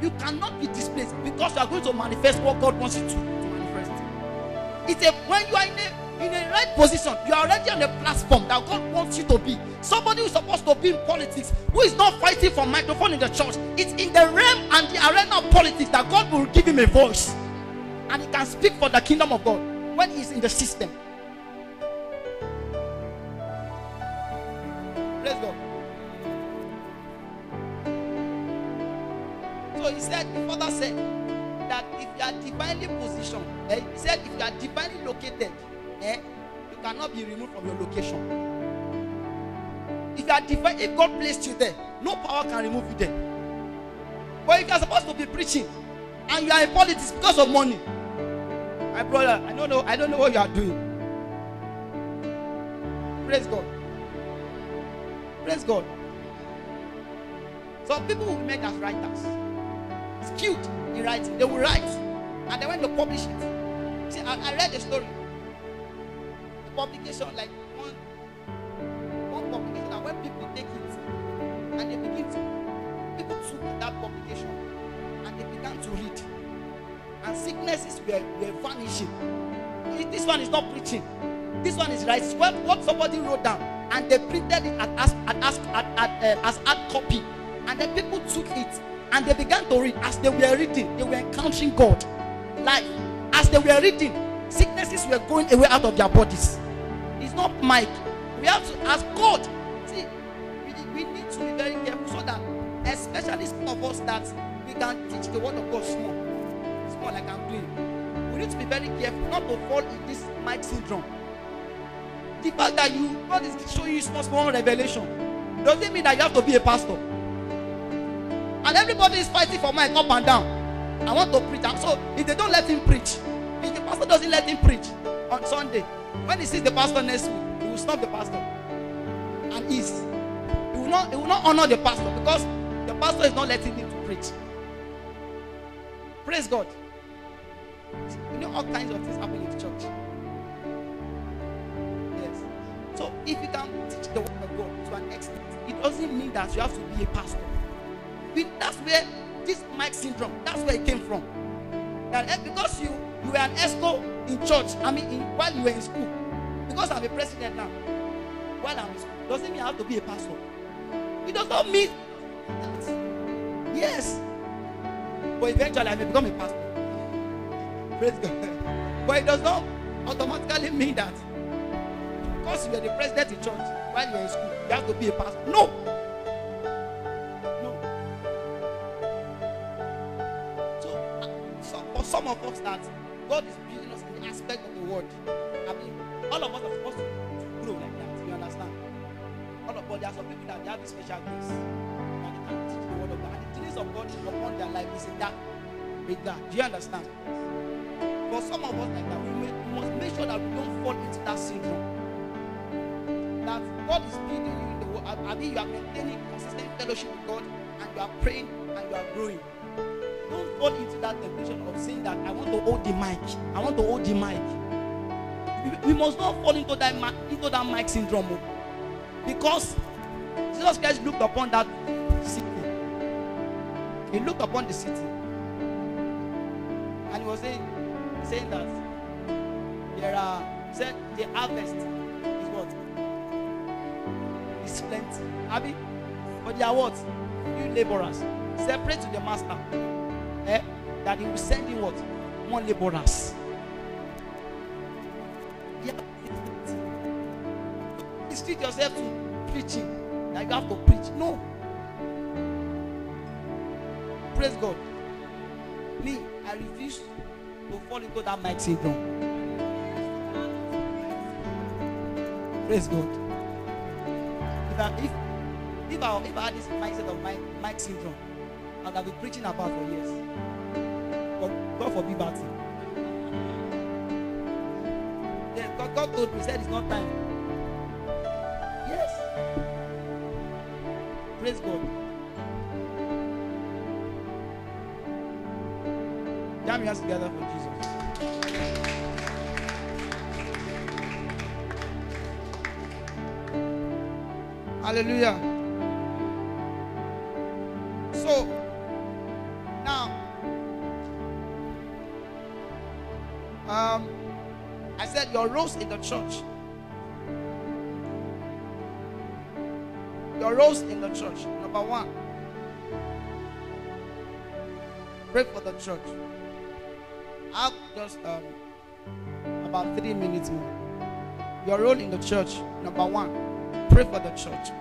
You cannot be displaced because you are going to manifest what God wants you to, to manifest. It's a when you are in a in a right position, you are already on a platform that God wants you to be. Somebody who is supposed to be in politics, who is not fighting for microphone in the church, it's in the realm and the arena of politics that God will give him a voice, and he can speak for the kingdom of God when he's in the system. said that if you are divinely positioned, eh, he said if you are divinely located, eh, you cannot be removed from your location. If you are divine, if God placed you there, no power can remove you there. But if you are supposed to be preaching and you are in politics because of money, my brother, I don't know, I don't know what you are doing. Praise God. Praise God. Some people will make us writers. It's cute. He They will write. And then when they publish it, see, I, I read the story. The publication, like one, one publication, and when people take it, and they begin to, people took that publication, and they began to read. And sicknesses were, were vanishing. This one is not preaching. This one is right. What, what somebody wrote down, and they printed it uh, as, as, as, as, as, as, as, as copy. And then people took it And they began to read. As they were reading, they were encountering God. Like, As they were reading, sicknesses were going away out of their bodies. It's not Mike. We have to ask God. See, we, we need to be very careful so that, especially some of us, that we can teach the word of God small. Small, like I'm doing. We need to be very careful not to fall in this Mike syndrome. The fact that you God is showing you small, small revelation doesn't mean that you have to be a pastor. And everybody is fighting for mine up and down. I want to preach. so if they don't let him preach, if the pastor doesn't let him preach on Sunday, when he sees the pastor next week, he will stop the pastor. And ease. He will not, he will not honor the pastor because the pastor is not letting him to preach. Praise God. You know all kinds of things happen in the church. Yes. So if you can teach the word of God to an extent, it doesn't mean that you have to be a pastor. we, that's where this Mike syndrome, that's where it came from. That eh, because you you were an ESCO in church, I mean, in, while you were in school, because I'm a president now, while I'm in school, doesn't mean I have to be a pastor. It does not mean that. Yes. But eventually I may become a pastor. Praise God. But it does not automatically mean that because you were the president in church while you were in school, you have to be a pastor. No. some of us that God is building us in the aspect of the word. I mean, all of us are supposed to, grow like that. You understand? All of us, there are some people that they have this special grace that they can teach the word of God. And the grace of God upon their life is in that. With that. Do you understand? But some of us like that, we, may, we must make sure that we don't fall into that syndrome. That God is building you in the word. I mean, you are maintaining consistent fellowship with God and you are praying and you are growing. Don't fall into that temptation of saying that I want to hold the mic. I want to hold the mic. We, we must not fall into that into that mic syndrome, oh. because Jesus Christ looked upon that city. He looked upon the city, and he was saying, saying that there are said the harvest is what is plenty. Abi, but they are what? You laborers separate to the master eh, that he will send in what? More laborers. Yeah. Restrict yourself to preaching that you have to preach. No. Praise God. Me, I refuse to fall into that mic syndrome. Praise God. If I, if, if I, if I had this mindset of mic, mic syndrome, and I've been preaching about for years. But God forbid bad thing. Yes, God, God told me, said it's not time. Yes. Praise God. Jam your hands together for Jesus. Hallelujah. roles in the church. Your roles in the church. Number one, pray for the church. I'll just um, about three minutes more. Your role in the church, number one, pray for the church.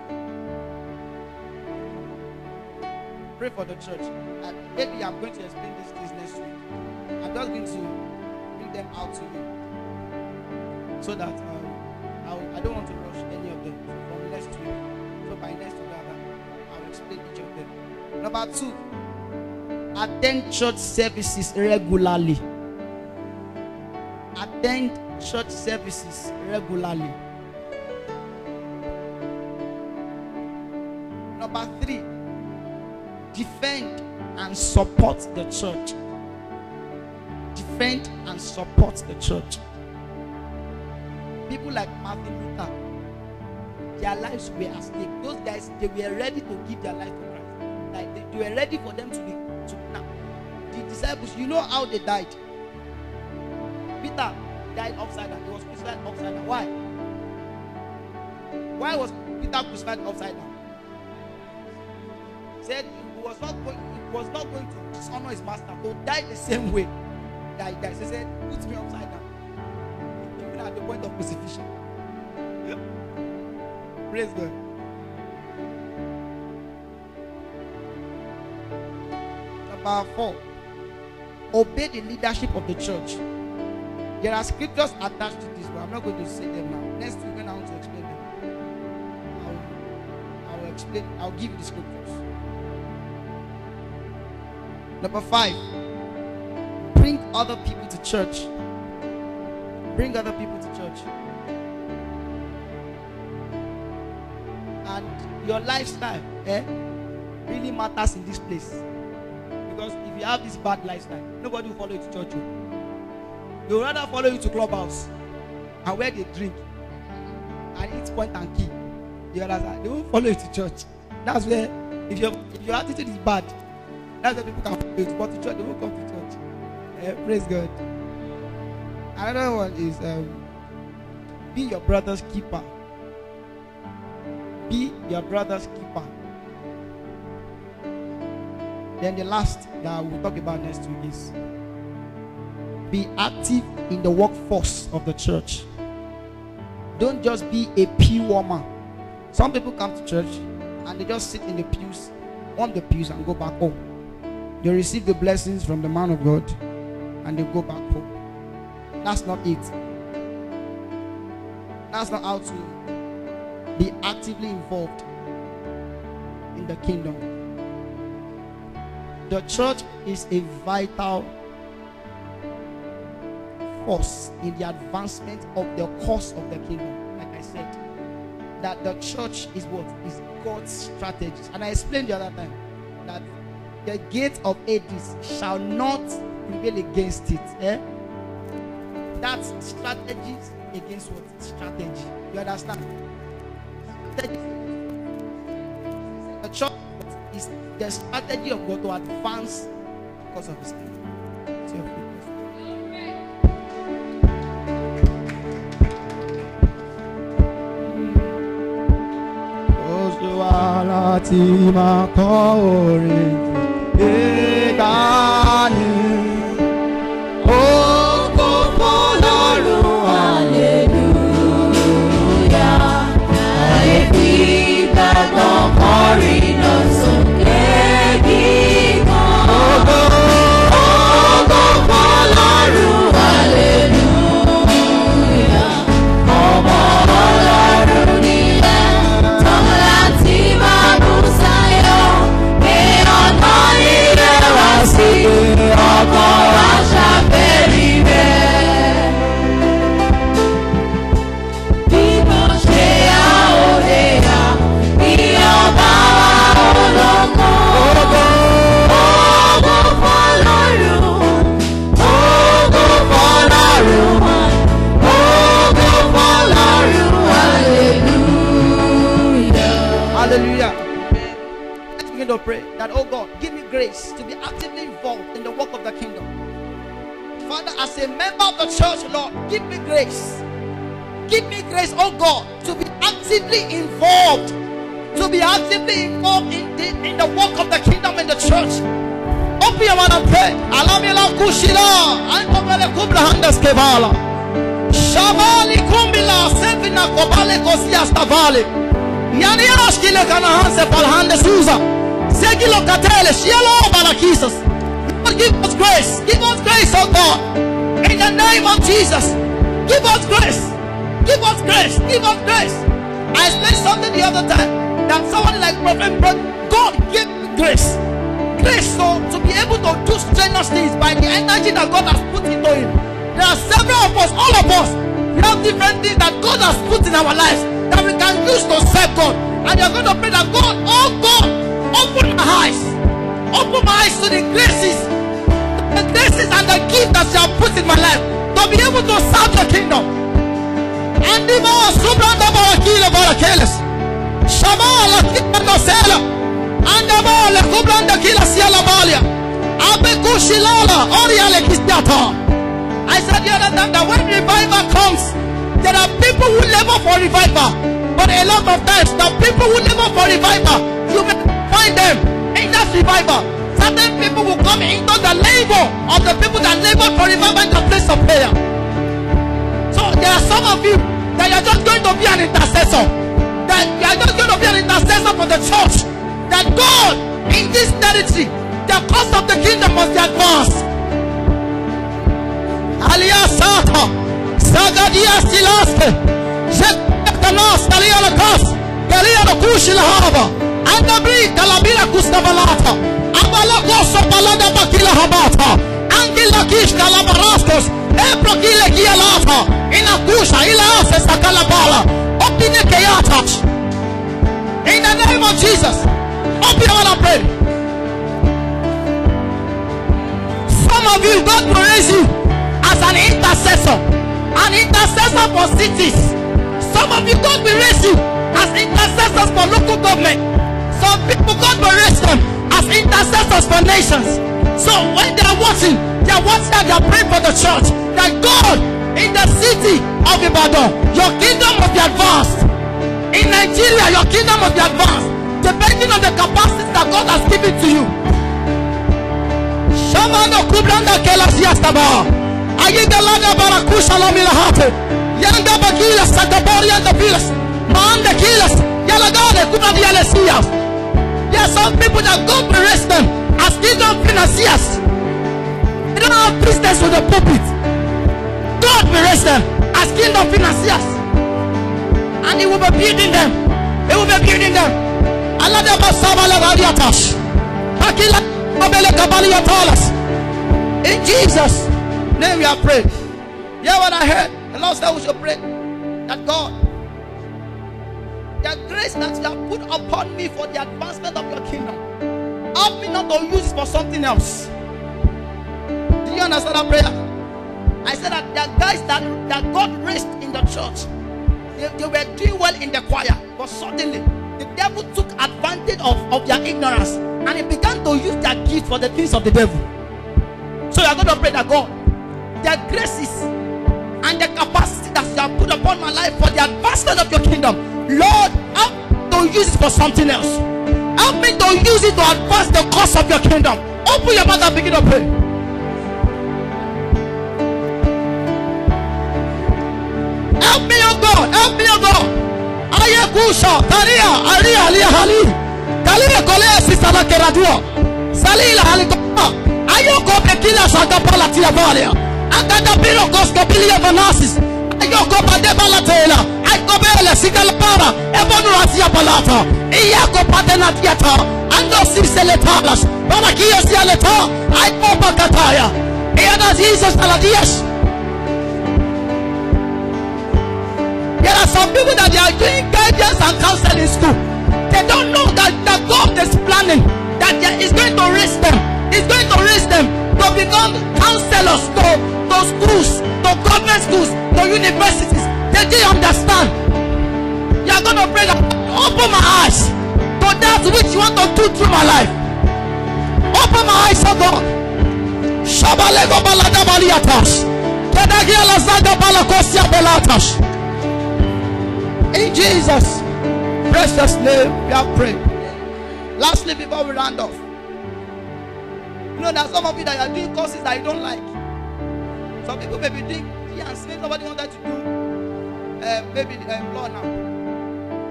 Pray for the church. And maybe I'm going to explain this, this next week. I'm just going to bring them out to you. so that um, I, I don't want to rush any of them from next week. So by next week, I will explain each of them. Number two, attend church services regularly. Attend church services regularly. Number three, defend and support the church. Defend and support the church people like Martin Luther, their lives were at stake. Those guys, they were ready to give their life to Christ. Like they, they were ready for them to be to now. The disciples, you know how they died. Peter died upside down. He was crucified upside down. Why? Why was Peter crucified upside down? He said he was not going, he was not going to dishonor his master, to died the same way that he died. So he said, put me upside down. point of crucifixion. Praise God. Number four, obey the leadership of the church. There are scriptures attached to this, but I'm not going to say them now. Next week, when I want to explain them, I'll, I'll explain, I'll give you the scriptures. Number five, bring other people to church Bring other people to church. And your lifestyle eh, really matters in this place. Because if you have this bad lifestyle, nobody will follow you to church. Oh. They will rather follow you to clubhouse and where they drink and eat point and key. You understand? They won't follow you to church. That's where, if, your if your attitude is bad, that's where people can follow you. go to church, they won't come to church. Eh, praise God. Another one is um, be your brother's keeper. Be your brother's keeper. Then the last that we'll talk about next week is be active in the workforce of the church. Don't just be a pew warmer. Some people come to church and they just sit in the pews, on the pews, and go back home. They receive the blessings from the man of God and they go back home. That's not it. That's not how to be actively involved in the kingdom. The church is a vital force in the advancement of the cause of the kingdom. Like I said, that the church is what is God's strategy. And I explained the other time that the gate of Hades shall not prevail against it. Eh? That strategy against what? Strategy. You understand? Strategy. The church is the strategy of God to advance because of his kingdom. láti máa kọ́ orin ìgbàanì. as a member of the church, Lord, give me grace. Give me grace, oh God, to be actively involved, to be actively involved in the, in the work of the kingdom in the church. Open your mouth and pray. Alamila kushila, ankomele kubla handas kevala. Shavali kumbila, sevina kobale kosia stavali. Nyani ashkile kana hanse palhande suza. Segilo katele, shielo balakisas give us grace. Give us grace, oh God. In the name of Jesus. Give us grace. Give us grace. Give us grace. I said something the other time that somebody like Prophet brought God gave me grace. Grace so to be able to do strenuous things by the energy that God has put into him. There are several of us, all of us, we have different things that God has put in our lives that we can use to serve God. And you're going to pray that God, oh God, open my eyes, open my eyes to the graces the graces and the gift that you have put in my life to be able to serve your kingdom. And the more subranda barakila barakeles. Shama la kitna no sela. And the more the kubranda kila siela balia. the kushilala oriale I said the other time that when revival comes, there are people who labor for revival. But a lot of times, the people who labor for revival, you may find them in that revival. Certain people will come into the labor of the people that labor for remembrance the place of prayer. So there are some of you that you are just going to be an intercessor. That you are just going to be an intercessor for the church. That God in this territory, the cause of the kingdom must be advanced. Aliyah Sagadia Silaste, Jetanas, Aliyah Lakas, Galiyah Kushilahaba, Annabi Kalabira Kustavalata. Απαλακώσα παλάτα τα κύλα χαμπάτα. Άγγελα κίσκα λαμπαράσκος. Έπροκύλε γη ελάφα. Είναι ακούσα, είναι άφε στα καλαμπάλα. Ό,τι είναι και άταξ. In the name of Jesus. Open all and pray. Some of you, God praise you as an intercessor. An intercessor for cities. Some of you, God will raise you as intercessors for local government. Some people, God will raise them as intercessors for nations. So when they are watching, they are watching that they are praying for the church. That God in the city of Ibadan, your kingdom must be advanced. In Nigeria, your kingdom must be advanced, depending on the capacity that God has given to you. Shamano kubranda kelas yastaba. Ayinda lada barakusha lamila hate. Yanda bagilas, santa boria da pilas. Man Maanda kilas, yalagade kubrandi yalesiyas. There are some people that God bless them as kingdom financiers. They don't have business with the pulpit. God bless them as kingdom financiers. And He will be building them. He will be building them. Allah them in Jesus' name we are praying. Hear what I heard. The Lord said we should pray that God the grace that you have put upon me for the advancement of your kingdom. Help me not to use it for something else. Do you understand that prayer? I said that the guys that, that God raised in the church, they, they were doing well in the choir, but suddenly the devil took advantage of, of their ignorance and he began to use their gift for the things of the devil. So you are going to pray that God, their graces and the capacity that you have put upon my life for the advancement of your kingdom. Lord, help to use it for something else. Help me to use it to advance the cause of your kingdom. Open your mouth and begin to pray. Help me, oh God. Help me, oh God. Ayakusha, Taria, Aria, Aria, Hali, Talia, Golea, Sisana, Keradua, Salila, Halikoma, Ayoko, Bekila, Shagapala, Tia, Valia. akadabiri ogoskopili yevanasis yokopadebala tela akobele sikalpara ebonurasiyapalata iyakopatenatiyata andosirseletalas parakiyosiyaleta aikopakataya iyanasisostaladiyash There are some people that they are doing guidance and counseling school. They don't know that, the God is planning, that is going to raise them. It's going to raise them. to become counselors to, to schools, to government schools, to universities. They do not understand. You are going to pray that open my eyes to that which you want to do through my life. Open my eyes, oh God. Shabalego balada baliatas. In Jesus' precious name, we are praying. Lastly, before we round off, you know, there are some of you that are doing courses that you don't like. Some people may be doing G and Smith, nobody wanted to do uh, maybe um, law now.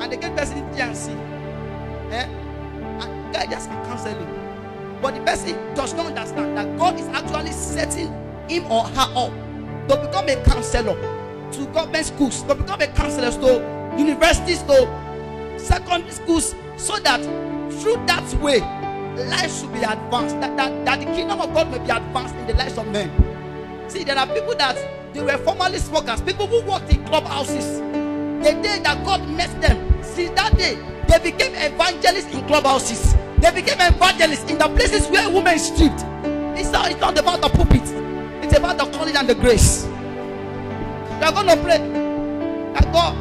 And they get person in G and Eh? And just and counseling. But the person does not understand that God is actually setting him or her up to become a counselor to government schools, to become a counselor to universities, to secondary schools, so that through that way life should be advanced, that, that, that the kingdom of God may be advanced in the lives of men. See, there are people that they were formerly smokers, people who worked in clubhouses. The day that God met them, see that day they became evangelists in clubhouses, they became evangelists in the places where women stripped. It's not, it's not about the pulpit, it's about the calling and the grace. They are going to pray that God.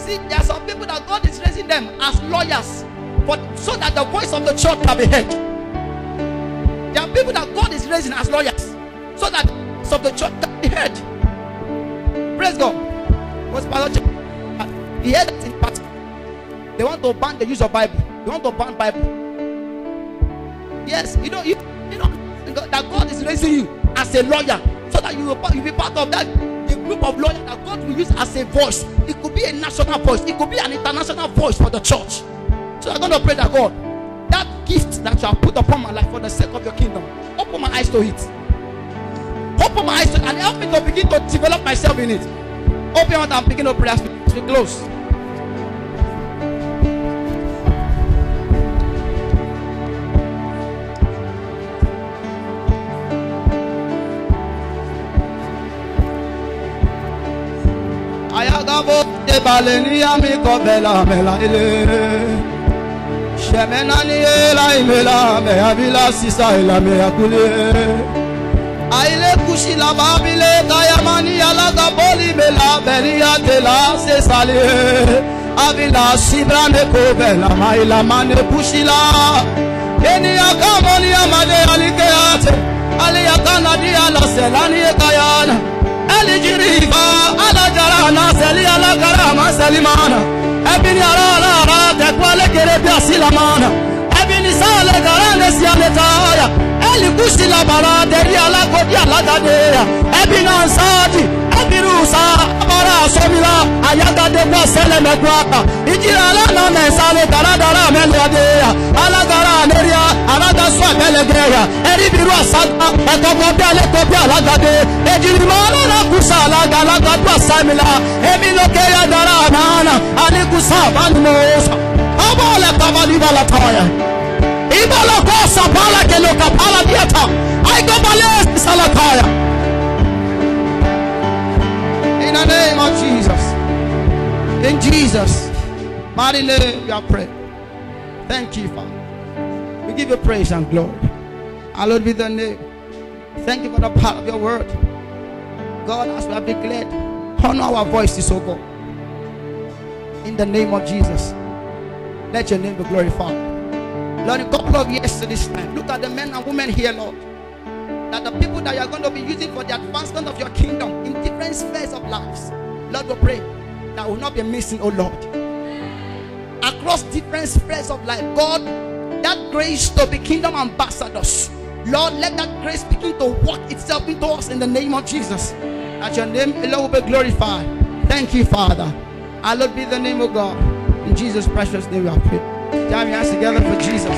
See, there are some people that God is raising them as lawyers but so that the voice of the church can be heard. There are people that God is raising as lawyers so that the of the church can be heard. Praise God. Was Pastor he heard that in part. They want to ban the use of Bible. They want to ban Bible. Yes, you know you, you know that God is raising you as a lawyer so that you will, you will be part of that the group of lawyers that God will use as a voice. It could be a national voice. It could be an international voice for the church. So I'm going to pray that God, that gift that you have put upon my life for the sake of your kingdom, open my eyes to it. Open my eyes to it and help me to begin to develop myself in it. Open your mouth and begin to pray as we close. ilere. shemenani ela imela me abila sisa ela me akule aile kushi la babile kayamani alaga boli mela beria tela se sale avila sibrane ko bela maila mane kushila eni akamoli amale alikeate ale yakanadi alaselani ekayana alijiriba alajara naseli alagara maselimana ebini arala arate kwale gerede asilamana ebini sale garande sianetaya elikusi labarate rialakodi aladaneya ebini ansadi birusa abara asomira ayagade kwa sele mekwaka ijira lana mesale daradara meleadeya alagara aneria arada su emelegeya eribiru asada ekokobi alekobi alagade ejirima alala kusa alaga alagadu asamila ya dara amana alikusa abanumoosa abole kabalibalataya ibalakosa palakelo kapala diata aikobales salataya name of Jesus. In Jesus' mighty name, we are praying. Thank you, Father. We give you praise and glory. Hallowed be the name. Thank you for the power of your word. God, as we have declared, honor our voices, O God. In the name of Jesus, let your name be glorified. Lord, a couple of years to this time, look at the men and women here, Lord that the people that you are going to be using for the advancement of your kingdom in different spheres of lives, Lord, we pray that will not be missing, oh Lord. Across different spheres of life, God, that grace to be kingdom ambassadors, Lord, let that grace begin to work itself into us in the name of Jesus. That your name Lord, will be glorified. Thank you, Father. Hallowed be the name of God. In Jesus' precious name we are prayed. Time your hands together for Jesus.